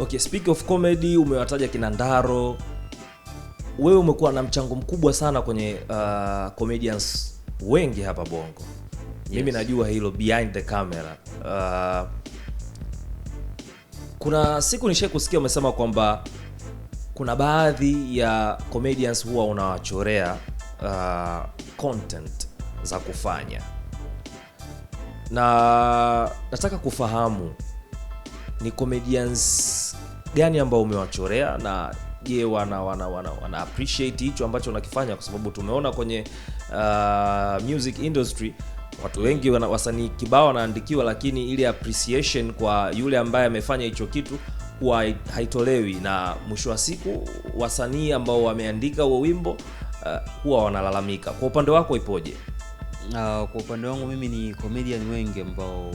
Okay, speak of comedy umewataja kina Ndaro. Wewe umekuwa na mchango mkubwa sana kwenye uh, comedians wengi hapa Bongo. Yes. Mimi najua hilo behind the camera. Uh, kuna siku nishe kusikia umesema kwamba kuna baadhi ya comedians huwa unawachorea uh, content za kufanya, na nataka kufahamu ni comedians gani ambao umewachorea na je, wana, wana, wana, wana appreciate hicho ambacho unakifanya? Kwa sababu tumeona kwenye uh, music industry watu wengi wasanii kibao wanaandikiwa, lakini ile appreciation kwa yule ambaye amefanya hicho kitu huwa haitolewi, na mwisho wa siku wasanii ambao wameandika huo wimbo uh, huwa wanalalamika. Kwa upande wako ipoje? Uh, kwa upande wangu mimi ni comedian wengi ambao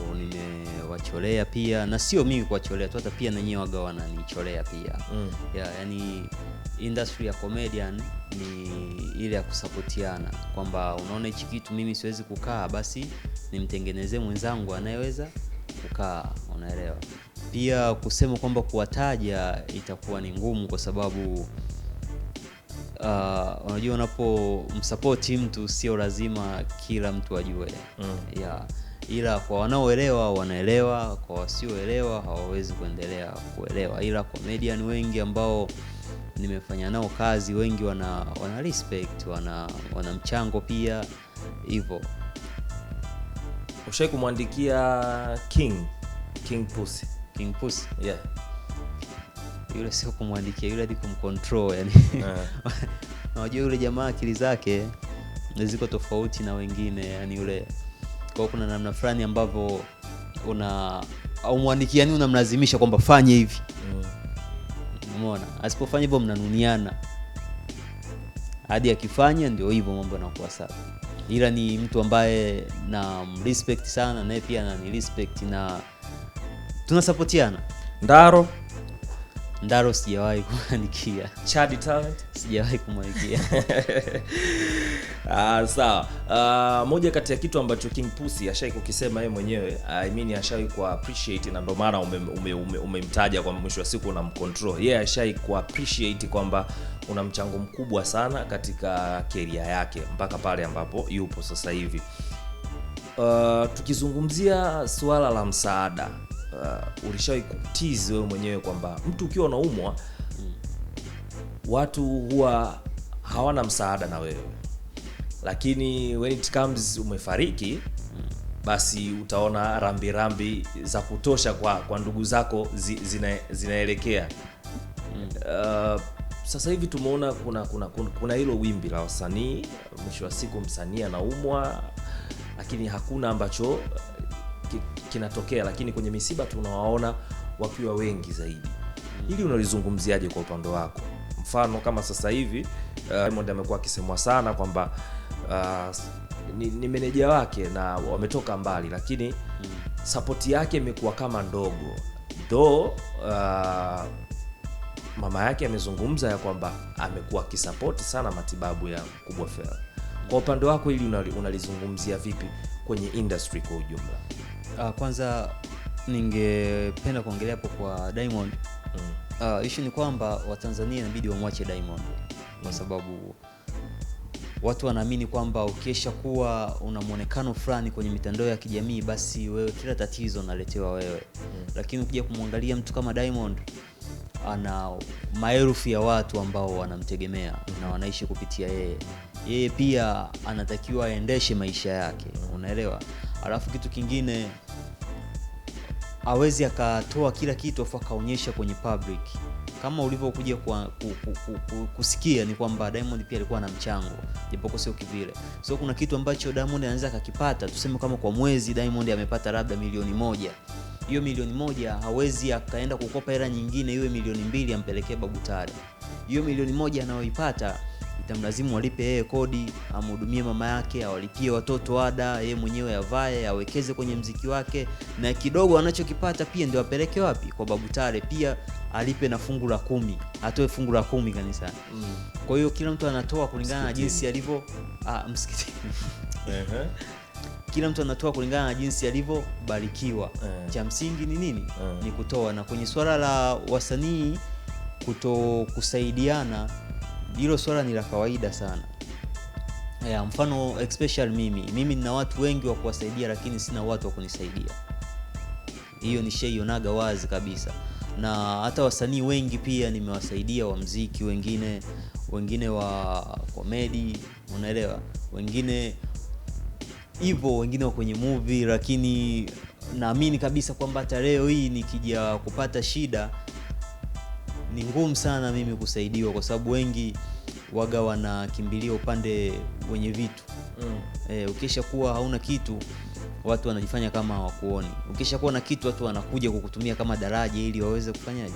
nimewacholea pia, na sio mimi kuwacholea tu, hata pia nanyewe waga wananicholea pia mm. Yeah, yani industry ya comedian ni ile ya kusapotiana, kwamba unaona hichi kitu mimi siwezi kukaa, basi nimtengenezee mwenzangu anayeweza kukaa, unaelewa. Pia kusema kwamba kuwataja itakuwa ni ngumu kwa sababu uh, unajua unapomsapoti mtu sio lazima kila mtu ajue mm. yeah. Ila kwa wanaoelewa wanaelewa, kwa wasioelewa hawawezi kuendelea kuelewa. Ila comedian wengi ambao nimefanya nao kazi, wengi wana wana respect, wana wana mchango pia hivyo. Ushawahi kumwandikia King King Pusi? King Pusi, yeah yule sio kumwandikia yule hadi kumcontrol yani. Ah. Unajua yule jamaa akili zake ziko tofauti na wengine yani yule kwa kuna namna fulani ambavyo una au mwandikia yani unamlazimisha kwamba fanye hivi mm. asipofanya hivyo mnanuniana hadi akifanya ndio hivyo mambo yanakuwa sawa, ila ni mtu ambaye na respect sana naye pia ni respect na tunasapotiana Ndaro Ndaro sijawahi kumwandikia. Chadi Talent sijawahi kumwandikia. Ah, sawa. Uh, moja kati ya kitu ambacho King Pusi ashai kukisema yeye mwenyewe, I mean ashai ku appreciate na ndio maana umemtaja ume, ume, ume kwa mwisho wa siku unamcontrol. Yeye yeah, ashai ku appreciate kwamba una mchango mkubwa sana katika keria yake mpaka pale ambapo yupo sasa hivi. Uh, tukizungumzia suala la msaada uh, ulishawai kutizi wewe mwenyewe kwamba mtu ukiwa unaumwa mm. watu huwa hawana msaada na wewe, lakini when it comes umefariki basi utaona rambirambi za kutosha kwa, kwa ndugu zako zi, zina, zinaelekea mm. uh, sasa hivi tumeona kuna kuna kuna, kuna hilo wimbi la wasanii, mwisho wa siku msanii anaumwa, lakini hakuna ambacho kinatokea, lakini kwenye misiba tunawaona wakiwa wengi zaidi. Hmm. Hili unalizungumziaje kwa upande wako? Mfano kama sasa hivi uh, Diamond uh, amekuwa akisemwa sana kwamba uh, ni, ni meneja wake na wametoka mbali, lakini mm. sapoti yake imekuwa kama ndogo do uh, mama yake amezungumza ya kwamba amekuwa akisapoti sana matibabu ya Mkubwa fea Kwa upande wako hili unalizungumzia vipi kwenye industry kwa ujumla? Uh, kwanza ningependa kuongelea hapo kwa Diamond mm. Uh, ah, ishu ni kwamba Watanzania inabidi wamwache Diamond kwa mm. sababu watu wanaamini kwamba ukiesha kuwa una mwonekano fulani kwenye mitandao ya kijamii basi wewe kila tatizo unaletewa wewe mm. Lakini ukija kumwangalia mtu kama Diamond ana maelfu ya watu ambao wanamtegemea mm. na wanaishi kupitia yeye. Yeye pia anatakiwa aendeshe maisha yake, unaelewa? Alafu kitu kingine awezi akatoa kila kitu afu akaonyesha kwenye public. Kama ulivyokuja ku, ku, ku, kusikia ni kwamba Diamond pia alikuwa na mchango japokuwa sio kivile. So kuna kitu ambacho Diamond anaweza akakipata, tuseme kama kwa mwezi Diamond amepata labda milioni moja hiyo milioni moja hawezi akaenda kukopa hela nyingine iwe milioni mbili ampelekee Babu Tale. Hiyo milioni moja anayoipata itamlazimu walipe yeye kodi, amhudumie mama yake, awalipie watoto ada, yeye mwenyewe avae, awekeze kwenye mziki wake, na kidogo anachokipata pia ndio apeleke wapi? Kwa Babu Tare, pia alipe na fungu la kumi, atoe fungu la kumi kanisani. Mm. Kwa hiyo kila mtu anatoa kulingana na jinsi alivyo ah, msikitini. Kila mtu anatoa kulingana na jinsi alivyobarikiwa. Yeah. Cha msingi ni nini? Yeah. Ni kutoa. Na kwenye swala la wasanii kuto kusaidiana hilo swala ni la kawaida sana. Yeah, mfano especially mimi mimi nina watu wengi wa kuwasaidia, lakini sina watu wa kunisaidia. Hiyo nishaionaga wazi kabisa, na hata wasanii wengi pia nimewasaidia wa mziki, wengine wengine wa komedi, unaelewa, wengine hivyo, wengine wa kwenye movie, lakini naamini kabisa kwamba hata leo hii nikija kupata shida ni ngumu sana mimi kusaidiwa kwa sababu wengi waga wanakimbilia upande wenye vitu mm. E, ukisha kuwa hauna kitu watu wanajifanya kama hawakuoni. Ukisha kuwa na kitu watu wanakuja kukutumia kama daraja ili waweze kufanyaje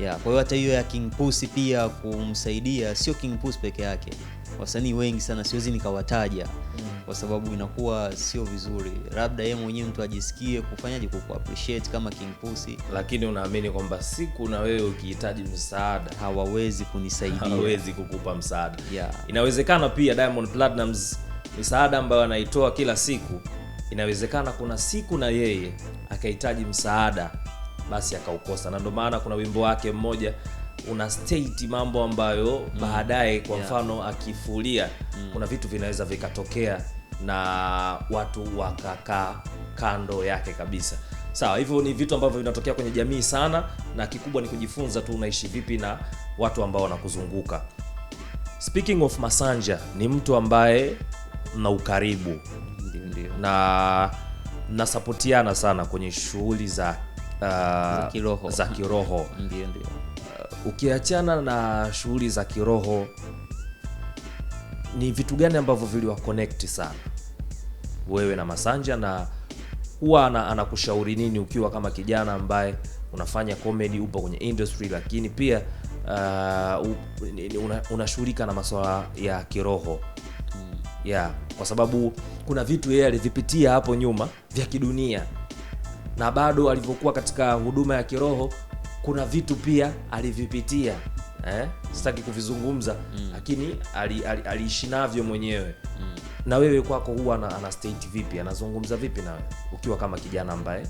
yeah. Kwa hiyo hata hiyo ya King Pusi pia kumsaidia, sio King Pusi peke yake, wasanii wengi sana siwezi nikawataja mm. kwa sababu inakuwa sio vizuri, labda yeye mwenyewe mtu ajisikie kufanyaje, kuku appreciate kama King Pusi. Lakini unaamini kwamba siku na wewe ukihitaji msaada hawawezi kunisaidia, hawawezi kukupa msaada yeah. Inawezekana pia Diamond Platnumz misaada ambayo anaitoa kila siku, inawezekana kuna siku na yeye akahitaji msaada basi akaukosa, na ndio maana kuna wimbo wake mmoja una state mambo ambayo mm. baadaye, kwa mfano yeah. akifulia mm. kuna vitu vinaweza vikatokea na watu wakakaa kando yake kabisa. Sawa, hivyo ni vitu ambavyo vinatokea kwenye jamii sana, na kikubwa ni kujifunza tu unaishi vipi na watu ambao wanakuzunguka. Speaking of Masanja, ni mtu ambaye na ukaribu, na nasapotiana sana kwenye shughuli za uh, za kiroho, Uh, ukiachana na shughuli za kiroho ni vitu gani ambavyo viliwa connect sana wewe na Masanja na huwa anakushauri nini ukiwa kama kijana ambaye unafanya comedy upo kwenye industry lakini pia uh, unashughulika una na masuala ya kiroho ya hmm. Yeah, kwa sababu kuna vitu yeye alivipitia hapo nyuma vya kidunia na bado alivyokuwa katika huduma ya kiroho kuna vitu pia alivipitia eh? Sitaki kuvizungumza mm. Lakini aliishi ali, ali navyo mwenyewe mm. Na wewe kwako huwa ana, ana state vipi, anazungumza vipi nawe ukiwa kama kijana ambaye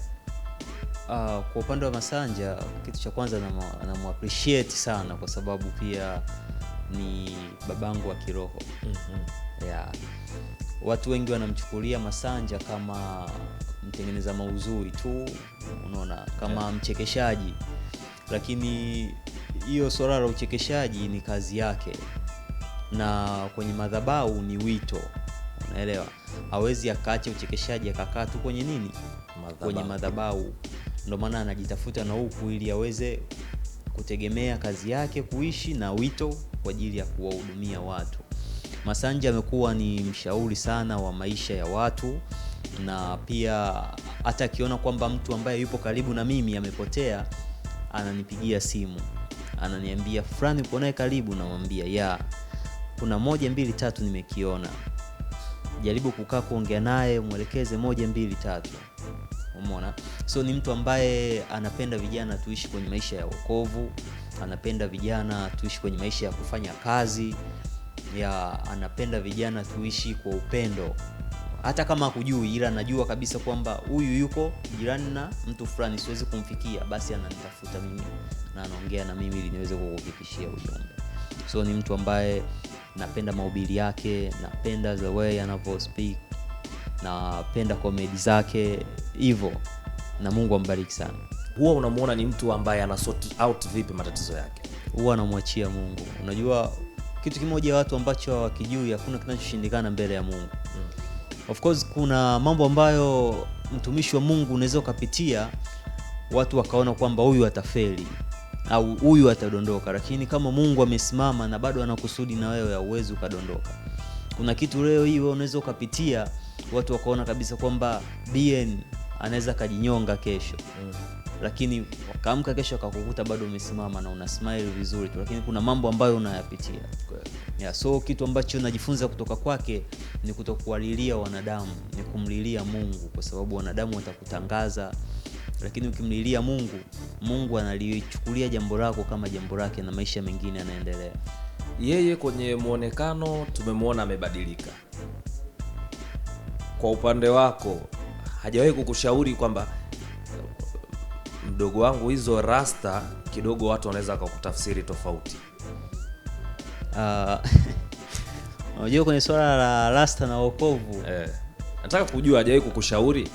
Uh, kwa upande wa Masanja, kitu cha kwanza namuappreciate sana kwa sababu pia ni babangu wa kiroho mm -hmm. yeah watu wengi wanamchukulia Masanja kama mtengeneza mauzuri tu, unaona, kama mchekeshaji, lakini hiyo swala la uchekeshaji ni kazi yake, na kwenye madhabahu ni wito, unaelewa. Hawezi akaacha uchekeshaji akakaa tu kwenye nini, kwenye madhabahu. Ndio maana anajitafuta na huku, ili aweze kutegemea kazi yake kuishi na wito kwa ajili ya kuwahudumia watu. Masanja amekuwa ni mshauri sana wa maisha ya watu na pia hata akiona kwamba mtu ambaye yupo karibu na mimi amepotea, ananipigia simu, ananiambia fulani, uko naye karibu? Namwambia ya, kuna moja mbili tatu nimekiona, jaribu kukaa kuongea naye, mwelekeze moja mbili tatu. Umeona, so ni mtu ambaye anapenda vijana tuishi kwenye maisha ya wokovu, anapenda vijana tuishi kwenye maisha ya kufanya kazi ya anapenda vijana tuishi kwa upendo, hata kama hakujui, ila anajua kabisa kwamba huyu yuko jirani na mtu fulani, siwezi kumfikia, basi ananitafuta mimi na anaongea na mimi ili niweze kukufikishia ujumbe. So ni mtu ambaye napenda mahubiri yake, napenda the way anavyo speak, napenda comedy zake hivyo, na Mungu ambariki sana. Huwa unamuona ni mtu ambaye ana out vipi matatizo yake? Huwa anamwachia Mungu. Unajua kitu kimoja watu ambacho hawakijui, hakuna kinachoshindikana mbele ya Mungu. Of course kuna mambo ambayo mtumishi wa Mungu unaweza ukapitia watu wakaona kwamba huyu atafeli au huyu atadondoka, lakini kama Mungu amesimama na bado anakusudi na wewe, auwezi ukadondoka. Kuna kitu leo hii wewe unaweza ukapitia watu wakaona kabisa kwamba BN anaweza akajinyonga kesho lakini wakaamka kesho wakakukuta bado umesimama na una smile vizuri tu, lakini kuna mambo ambayo unayapitia yeah. So kitu ambacho najifunza kutoka kwake ni kutokuwalilia wanadamu, ni kumlilia Mungu, kwa sababu wanadamu watakutangaza, lakini ukimlilia Mungu, Mungu analichukulia jambo lako kama jambo lake, na maisha mengine yanaendelea. Yeye kwenye mwonekano tumemwona amebadilika. Kwa upande wako hajawahi kukushauri kwamba mdogo wangu, hizo rasta kidogo watu wanaweza kakutafsiri tofauti. Ah, unajua, uh, kwenye swala la rasta na wokovu eh, nataka kujua, hajawahi kukushauri?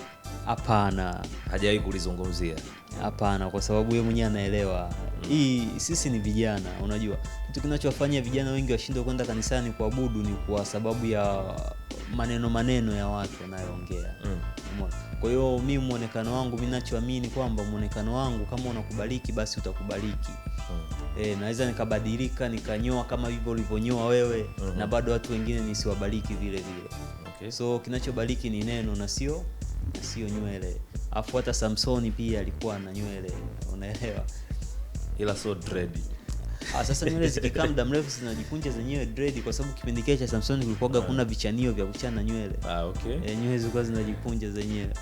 Hapana, hajawahi kulizungumzia? Hapana, kwa sababu yeye mwenyewe anaelewa mm. hii sisi ni vijana. Unajua, kitu kinachowafanya vijana wengi washindwe kwenda kanisani kuabudu ni kwa sababu ya maneno maneno ya watu wanayoongea mm. Kwa hiyo mi mwonekano wangu mi nachoamini kwamba mwonekano wangu kama unakubaliki basi utakubaliki. mm. E, naweza nikabadilika nikanyoa kama hivyo ulivyonyoa wewe mm -hmm. na bado watu wengine nisiwabariki vile vile. okay. So kinachobariki ni neno na sio sio nywele, afu hata Samsoni pia alikuwa na nywele, unaelewa, ila so dredi. Ah, sasa nywele zikikaa muda mrefu zinajikunja zenyewe dread, kwa sababu kipindi kile cha samsoni kulikuaga kuna vichanio vya kuchana nywele. Ah, okay. E, nywele zilikuwa zinajikunja zenyewe.